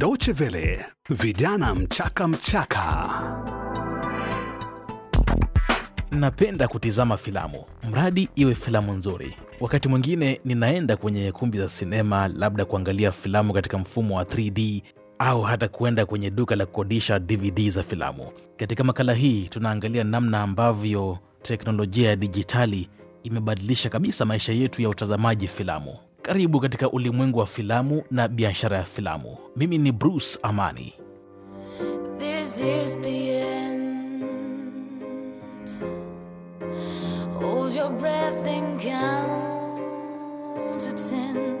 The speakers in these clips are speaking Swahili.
Deutsche Welle, vijana mchaka mchaka. Napenda kutizama filamu, mradi iwe filamu nzuri. Wakati mwingine ninaenda kwenye kumbi za sinema, labda kuangalia filamu katika mfumo wa 3D au hata kuenda kwenye duka la kukodisha DVD za filamu. Katika makala hii tunaangalia namna ambavyo teknolojia ya dijitali imebadilisha kabisa maisha yetu ya utazamaji filamu. Karibu katika ulimwengu wa filamu na biashara ya filamu. Mimi ni Bruce Amani. This is the end. Hold your breath and count to ten.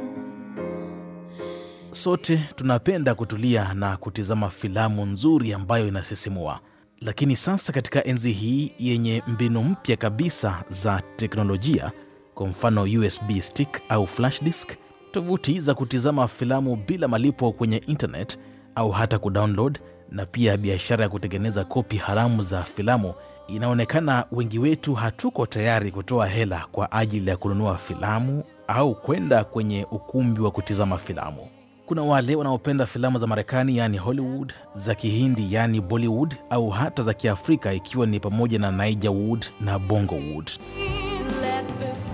Sote tunapenda kutulia na kutizama filamu nzuri ambayo inasisimua. Lakini sasa katika enzi hii yenye mbinu mpya kabisa za teknolojia kwa mfano USB stick au flash disk, tovuti za kutizama filamu bila malipo kwenye internet au hata kudownload, na pia biashara ya kutengeneza kopi haramu za filamu. Inaonekana wengi wetu hatuko tayari kutoa hela kwa ajili ya kununua filamu au kwenda kwenye ukumbi wa kutizama filamu. Kuna wale wanaopenda filamu za Marekani yani Hollywood, za Kihindi yani Bollywood, au hata za Kiafrika ikiwa ni pamoja na nigerwood na bongowood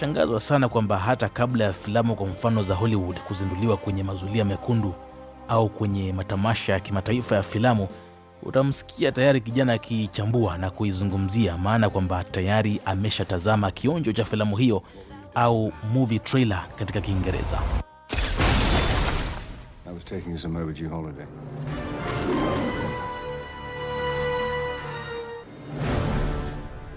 nilishangazwa sana kwamba hata kabla ya filamu kwa mfano za Hollywood kuzinduliwa kwenye mazulia mekundu au kwenye matamasha ya kimataifa ya filamu, utamsikia tayari kijana akiichambua na kuizungumzia, maana kwamba tayari ameshatazama kionjo cha filamu hiyo au movie trailer katika Kiingereza. I was taking some overdue holiday.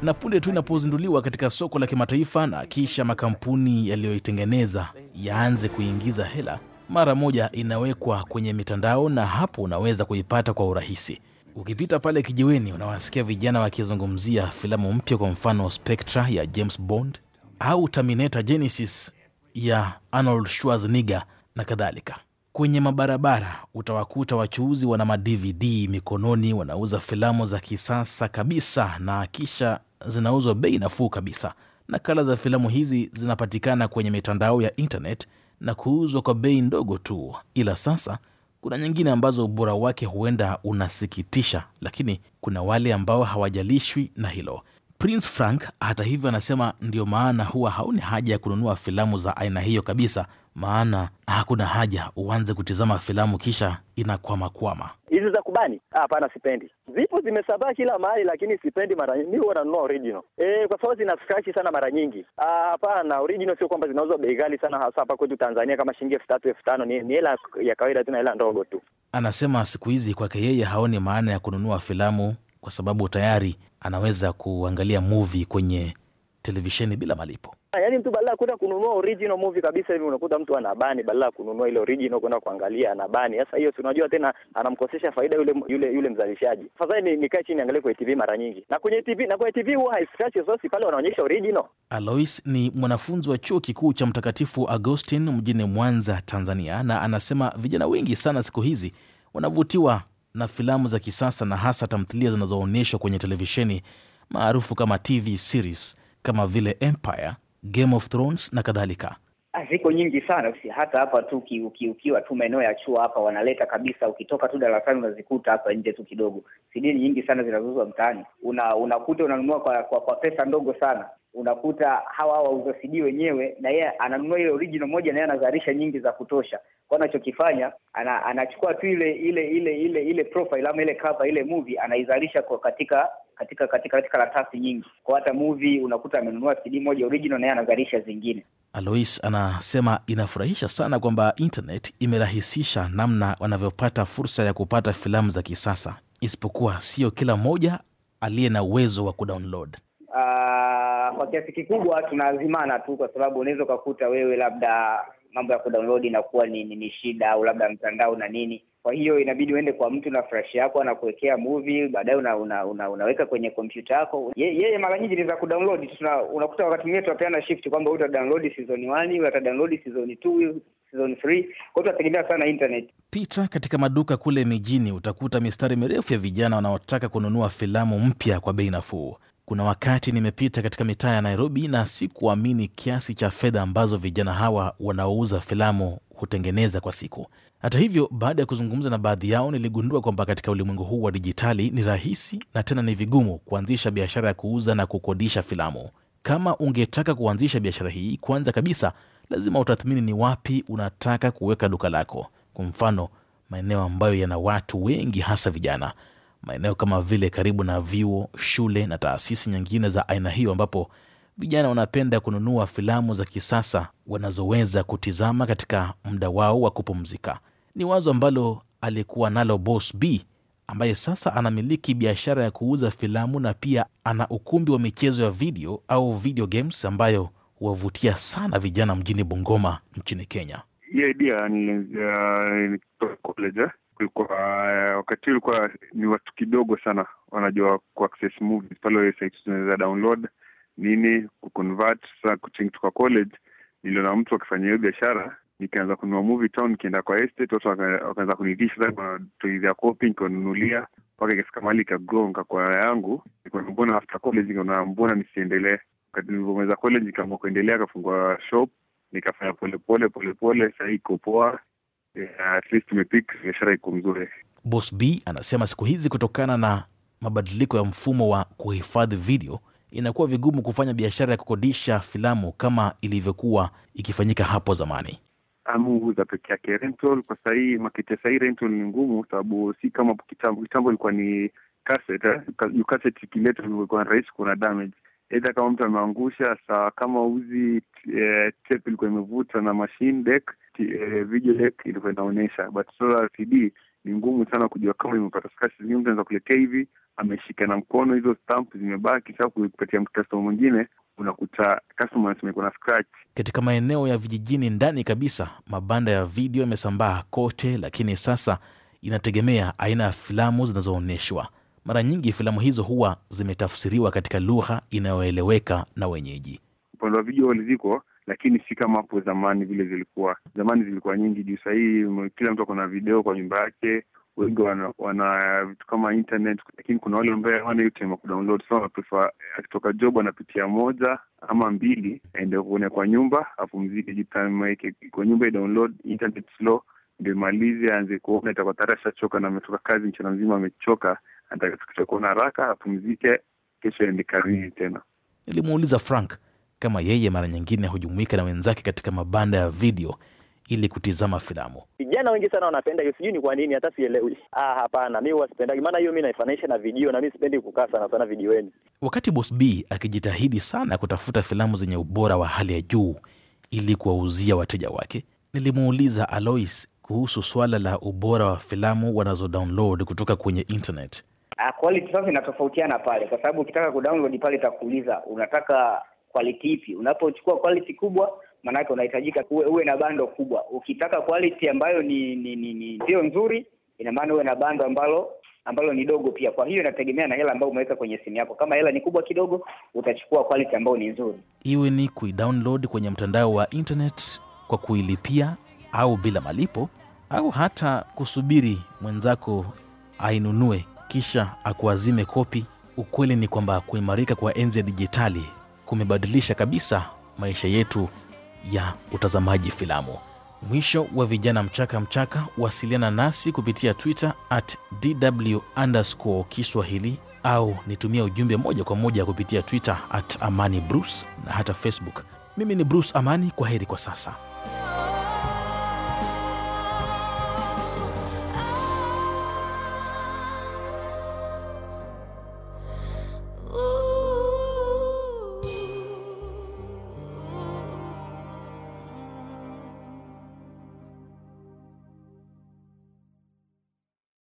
na punde tu inapozinduliwa katika soko la kimataifa na kisha makampuni yaliyoitengeneza yaanze kuingiza hela, mara moja inawekwa kwenye mitandao na hapo unaweza kuipata kwa urahisi. Ukipita pale kijiweni, unawasikia vijana wakizungumzia filamu mpya, kwa mfano Spectra ya James Bond au Terminator Genesis ya Arnold Schwarzenegger na kadhalika. Kwenye mabarabara utawakuta wachuuzi wana ma DVD mikononi, wanauza filamu za kisasa kabisa, na kisha zinauzwa bei nafuu kabisa. Nakala za filamu hizi zinapatikana kwenye mitandao ya internet na kuuzwa kwa bei ndogo tu, ila sasa kuna nyingine ambazo ubora wake huenda unasikitisha, lakini kuna wale ambao hawajalishwi na hilo. Prince Frank hata hivyo, anasema ndio maana huwa haoni haja ya kununua filamu za aina hiyo kabisa, maana hakuna haja uanze kutizama filamu kisha inakwamakwama. Hizi za kubani, ah, hapana, sipendi. Zipo zimesambaa kila mahali, lakini sipendi. Mara nyingi huwa nanunua original e, kwa sababu zina scratch sana mara nyingi. Ah, hapana, original sio kwamba zinauzwa bei ghali sana, hasa hapa kwetu Tanzania kama shilingi elfu tatu elfu tano ni hela ya kawaida tu na hela ndogo tu. Anasema siku hizi kwake yeye haoni maana ya kununua filamu kwa sababu tayari anaweza kuangalia movie kwenye televisheni bila malipo. Yaani mtu badala ya kwenda kununua original movie kabisa hivi unakuta mtu anabani, badala ya kununua ile original kwenda kuangalia anabani. Sasa hiyo si unajua tena anamkosesha faida yule yule yule mzalishaji. Fadhali ni nikae chini niangalie kwenye TV mara nyingi, na kwenye TV na kwenye TV huwa haifikashi sosi pale wanaonyesha original. Alois ni mwanafunzi wa chuo kikuu cha Mtakatifu Augustine mjini Mwanza, Tanzania, na anasema vijana wengi sana siku hizi wanavutiwa na filamu za kisasa na hasa tamthilia zinazoonyeshwa kwenye televisheni maarufu kama TV series kama vile Empire, Game of Thrones na kadhalika. Ah, ziko nyingi sana, hata hapa tu ukiwa tu maeneo ya chuo hapa wanaleta kabisa, ukitoka tu darasani unazikuta hapa nje tu kidogo. Sidini nyingi sana zinazouzwa mtaani, unakuta unanunua kwa, kwa, kwa pesa ndogo sana unakuta hawa hawa wauza CD wenyewe na yeye ananunua ile original moja, na yeye anazalisha nyingi za kutosha. Kwa anachokifanya ana, anachukua tu ile ile ile ile ile profile ama ile cover ile movie anaizalisha kwa katika katika katika katika karatasi nyingi, kwa hata movie unakuta amenunua CD moja original na anazalisha zingine. Alois anasema inafurahisha sana kwamba internet imerahisisha namna wanavyopata fursa ya kupata filamu za kisasa, isipokuwa sio kila mmoja aliye na uwezo wa kudownload. Uh, kwa kiasi kikubwa tunazimana tu, kwa sababu unaweza ukakuta wewe labda mambo ya kudownload inakuwa ni, ni, ni shida au labda mtandao na nini kwa hiyo inabidi uende kwa mtu na fresh yako anakuwekea movie, baadaye una, una, una, unaweka kwenye kompyuta yako. Yeye mara nyingi ni za kudownload, unakuta wakati mwingine tunapeana shift kwamba huyu download season 1, uta download season 2, season Kwa hiyo tunategemea sana internet. katika maduka kule mijini utakuta mistari mirefu ya vijana wanaotaka kununua filamu mpya kwa bei nafuu. Kuna wakati nimepita katika mitaa ya Nairobi na sikuamini kiasi cha fedha ambazo vijana hawa wanaouza filamu hutengeneza kwa siku. Hata hivyo, baada ya kuzungumza na baadhi yao, niligundua kwamba katika ulimwengu huu wa dijitali ni rahisi na tena ni vigumu kuanzisha biashara ya kuuza na kukodisha filamu. Kama ungetaka kuanzisha biashara hii, kwanza kabisa lazima utathmini ni wapi unataka kuweka duka lako. Kwa mfano, maeneo ambayo yana watu wengi, hasa vijana, maeneo kama vile karibu na vyuo, shule na taasisi nyingine za aina hiyo, ambapo vijana wanapenda kununua filamu za kisasa wanazoweza kutizama katika muda wao wa kupumzika. Ni wazo ambalo alikuwa nalo Boss B ambaye sasa anamiliki biashara ya kuuza filamu na pia ana ukumbi wa michezo ya video au video games ambayo huwavutia sana vijana mjini Bungoma nchini Kenya. Hiyo idea nikiwa uh, eh. kulikuwa uh, wakati ulikuwa ni watu kidogo sana wanajua kuaccess movies pale tunaweza download nini kuconvert. Sasa kuchingi tuka college niliona mtu akifanya hiyo biashara nikaanza kunua movie town, nikienda kwa estate watu wakaanza kunitisha sasa, kopi, nikanunulia mpaka ikafika kama hali ikagrow, nikakuwa yangu nikaona mbona after college, nikaona mbona nisiendelee. Nilivyomaliza college nikaamua kuendelea, akafungua shop nikafanya polepole polepole, sahii iko poa. Yeah, at least tumepik biashara iko mzuri. bos B anasema siku hizi kutokana na mabadiliko ya mfumo wa kuhifadhi video inakuwa vigumu kufanya biashara ya kukodisha filamu kama ilivyokuwa ikifanyika hapo zamani amu huuza peke yake. Rental kwa sahii maketi ya sahii rental ni ngumu, sababu si kama kitambo. Kitambo ilikuwa ni cassette eh, you cassette ikileta ilikuwa rahisi, kuna damage aidha kama mtu ameangusha saa kama uzi eh, tape ilikuwa imevuta na machine deck eh, video deck ilikuwa inaonyesha, but sasa CD ni ngumu sana kujua kama imepata scratch. Zingine mtu anaweza kuletea hivi ameshika na mkono, hizo stamp zimebaki, sasa kupatia mkastoma mwingine unakuta customers na scratch katika maeneo ya vijijini ndani kabisa. Mabanda ya video yamesambaa kote, lakini sasa inategemea aina ya filamu zinazoonyeshwa. Mara nyingi filamu hizo huwa zimetafsiriwa katika lugha inayoeleweka na wenyeji. Upande wa video ziko, lakini si kama hapo zamani vile zilikuwa. Zamani zilikuwa nyingi juu sahii kila mtu ako na video kwa nyumba yake, wengi wana, vitu kama internet, lakini kuna wale ambaye hawana hiyo time ya kudownload. So prefer akitoka job anapitia moja ama mbili, aende kuone kwa nyumba apumzike, jitamaike kwa nyumba, idownload internet slow ndio imalize, aanze kuona, itakuwa tayari ashachoka na ametoka kazi mchana mzima, amechoka, anataka kuona haraka, apumzike, kesho aende kazini tena. Nilimuuliza Frank kama yeye mara nyingine hujumuika na wenzake katika mabanda ya video ili kutizama filamu. Vijana wengi sana wanapenda hiyo, sijui ni kwa nini, hata sielewi. Ah, hapana, mi wasipendagi, maana hiyo mi naifananisha na video na mi sipendi kukaa sana sana videoeni. Wakati Boss B akijitahidi sana kutafuta filamu zenye ubora wa hali ya juu ili kuwauzia wateja wake, nilimuuliza Alois kuhusu swala la ubora wa filamu wanazo download kutoka kwenye internet. Ah, quality sasa inatofautiana pale, kwa sababu ukitaka kudownload pale itakuuliza unataka quality ipi. Unapochukua quality kubwa maanake unahitajika uwe, uwe na bando kubwa. Ukitaka quality ambayo ni ni ni ndio nzuri, ina maana uwe na bando ambalo ambalo ni dogo pia. Kwa hiyo inategemea na hela ambayo umeweka kwenye simu yako. Kama hela ni kubwa kidogo, utachukua quality ambayo ni nzuri, iwe ni kuidownload kwenye mtandao wa internet kwa kuilipia au bila malipo, au hata kusubiri mwenzako ainunue kisha akuazime kopi. Ukweli ni kwamba kuimarika kwa enzi ya dijitali kumebadilisha kabisa maisha yetu ya utazamaji filamu. Mwisho wa Vijana Mchaka Mchaka, wasiliana nasi kupitia Twitter at DW underscore Kiswahili au nitumia ujumbe moja kwa moja kupitia Twitter at Amani Bruce na hata Facebook. Mimi ni Bruce Amani, kwa heri kwa sasa.